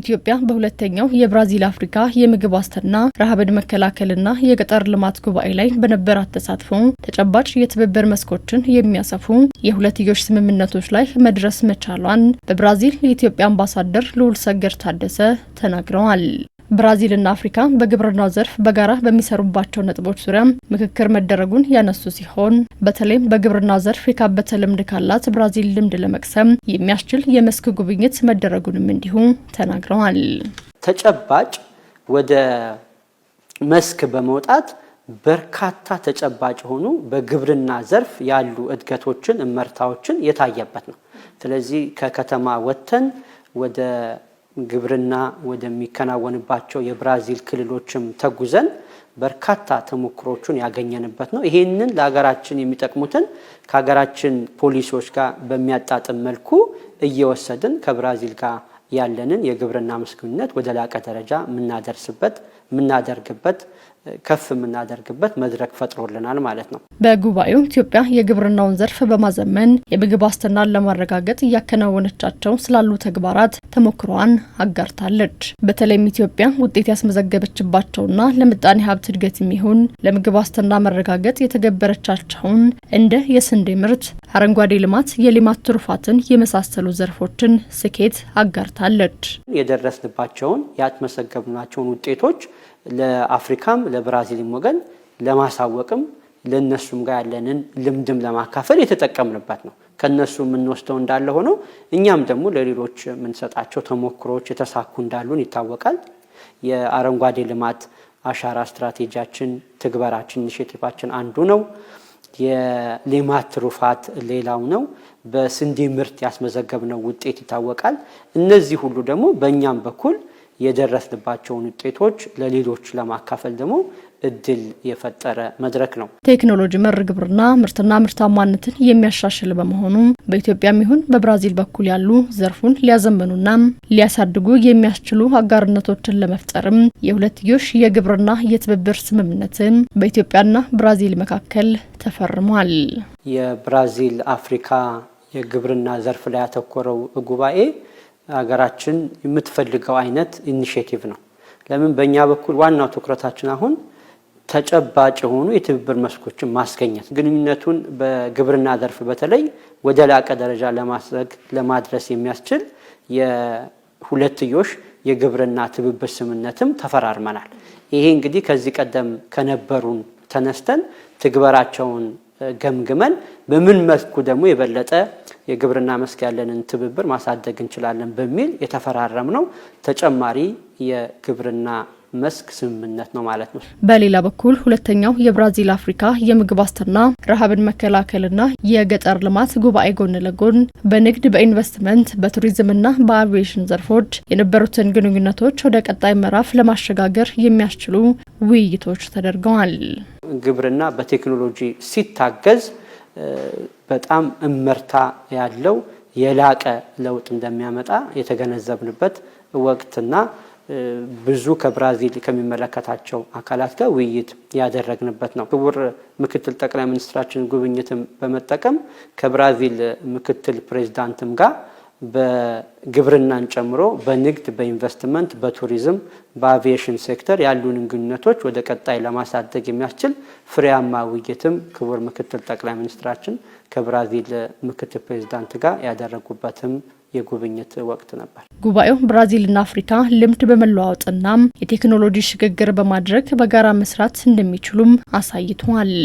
ኢትዮጵያ በሁለተኛው የብራዚል አፍሪካ የምግብ ዋስትና ረሃብን መከላከልና የገጠር ልማት ጉባኤ ላይ በነበራት ተሳትፎ ተጨባጭ የትብብር መስኮችን የሚያሰፉ የሁለትዮሽ ስምምነቶች ላይ መድረስ መቻሏን በብራዚል የኢትዮጵያ አምባሳደር ልዑል ሰገድ ታደሰ ተናግረዋል። ብራዚልና አፍሪካ በግብርና ዘርፍ በጋራ በሚሰሩባቸው ነጥቦች ዙሪያ ምክክር መደረጉን ያነሱ ሲሆን በተለይም በግብርና ዘርፍ የካበተ ልምድ ካላት ብራዚል ልምድ ለመቅሰም የሚያስችል የመስክ ጉብኝት መደረጉንም እንዲሁ ተናግረዋል። ተጨባጭ ወደ መስክ በመውጣት በርካታ ተጨባጭ የሆኑ በግብርና ዘርፍ ያሉ እድገቶችን፣ እመርታዎችን የታየበት ነው። ስለዚህ ከከተማ ወጥተን ወደ ግብርና ወደሚከናወንባቸው የብራዚል ክልሎችም ተጉዘን በርካታ ተሞክሮቹን ያገኘንበት ነው። ይህንን ለሀገራችን የሚጠቅሙትን ከሀገራችን ፖሊሲዎች ጋር በሚያጣጥም መልኩ እየወሰድን ከብራዚል ጋር ያለንን የግብርና ምስግብነት ወደ ላቀ ደረጃ የምናደርስበት የምናደርግበት ከፍ የምናደርግበት መድረክ ፈጥሮልናል ማለት ነው። በጉባኤው ኢትዮጵያ የግብርናውን ዘርፍ በማዘመን የምግብ ዋስትናን ለማረጋገጥ እያከናወነቻቸው ስላሉ ተግባራት ተሞክሯን አጋርታለች። በተለይም ኢትዮጵያ ውጤት ያስመዘገበችባቸውና ለምጣኔ ሀብት እድገት የሚሆን ለምግብ ዋስትና መረጋገጥ የተገበረቻቸውን እንደ የስንዴ ምርት፣ አረንጓዴ ልማት፣ የሌማት ትሩፋትን የመሳሰሉ ዘርፎችን ስኬት አጋርታል። አብራርታለች። የደረስንባቸውን ያስመዘገብናቸውን ውጤቶች ለአፍሪካም ለብራዚልም ወገን ለማሳወቅም ለእነሱም ጋር ያለንን ልምድም ለማካፈል የተጠቀምንበት ነው። ከእነሱ የምንወስደው እንዳለ ሆነው እኛም ደግሞ ለሌሎች የምንሰጣቸው ተሞክሮዎች የተሳኩ እንዳሉን ይታወቃል። የአረንጓዴ ልማት አሻራ ስትራቴጂያችን ትግበራችን ኢኒሽቲቫችን አንዱ ነው። የሌማት ትሩፋት ሌላው ነው። በስንዴ ምርት ያስመዘገብነው ውጤት ይታወቃል። እነዚህ ሁሉ ደግሞ በእኛም በኩል የደረስንባቸውን ውጤቶች ለሌሎች ለማካፈል ደግሞ እድል የፈጠረ መድረክ ነው። ቴክኖሎጂ መር ግብርና ምርትና ምርታማነትን የሚያሻሽል በመሆኑ በኢትዮጵያም ይሁን በብራዚል በኩል ያሉ ዘርፉን ሊያዘመኑና ሊያሳድጉ የሚያስችሉ አጋርነቶችን ለመፍጠርም የሁለትዮሽ የግብርና የትብብር ስምምነትን በኢትዮጵያና ብራዚል መካከል ተፈርሟል። የብራዚል አፍሪካ የግብርና ዘርፍ ላይ ያተኮረው ጉባኤ ሀገራችን የምትፈልገው አይነት ኢኒሽቲቭ ነው። ለምን በእኛ በኩል ዋናው ትኩረታችን አሁን ተጨባጭ የሆኑ የትብብር መስኮችን ማስገኘት፣ ግንኙነቱን በግብርና ዘርፍ በተለይ ወደ ላቀ ደረጃ ለማስረግ ለማድረስ የሚያስችል የሁለትዮሽ የግብርና ትብብር ስምምነትም ተፈራርመናል። ይሄ እንግዲህ ከዚህ ቀደም ከነበሩን ተነስተን ትግበራቸውን ገምግመን በምን መልኩ ደግሞ የበለጠ የግብርና መስክ ያለንን ትብብር ማሳደግ እንችላለን በሚል የተፈራረም ነው ተጨማሪ የግብርና መስክ ስምምነት ነው ማለት ነው። በሌላ በኩል ሁለተኛው የብራዚል አፍሪካ የምግብ ዋስትና ረሃብን መከላከልና የገጠር ልማት ጉባኤ ጎን ለጎን በንግድ በኢንቨስትመንት በቱሪዝምና በአቪዬሽን ዘርፎች የነበሩትን ግንኙነቶች ወደ ቀጣይ ምዕራፍ ለማሸጋገር የሚያስችሉ ውይይቶች ተደርገዋል። ግብርና በቴክኖሎጂ ሲታገዝ በጣም እመርታ ያለው የላቀ ለውጥ እንደሚያመጣ የተገነዘብንበት ወቅትና ብዙ ከብራዚል ከሚመለከታቸው አካላት ጋር ውይይት ያደረግንበት ነው። ክቡር ምክትል ጠቅላይ ሚኒስትራችን ጉብኝትም በመጠቀም ከብራዚል ምክትል ፕሬዚዳንትም ጋር በግብርናን ጨምሮ በንግድ፣ በኢንቨስትመንት፣ በቱሪዝም፣ በአቪዬሽን ሴክተር ያሉንን ግንኙነቶች ወደ ቀጣይ ለማሳደግ የሚያስችል ፍሬያማ ውይይትም ክቡር ምክትል ጠቅላይ ሚኒስትራችን ከብራዚል ምክትል ፕሬዚዳንት ጋር ያደረጉበትም የጉብኝት ወቅት ነበር። ጉባኤው ብራዚልና አፍሪካ ልምድ በመለዋወጥና የቴክኖሎጂ ሽግግር በማድረግ በጋራ መስራት እንደሚችሉም አሳይቷል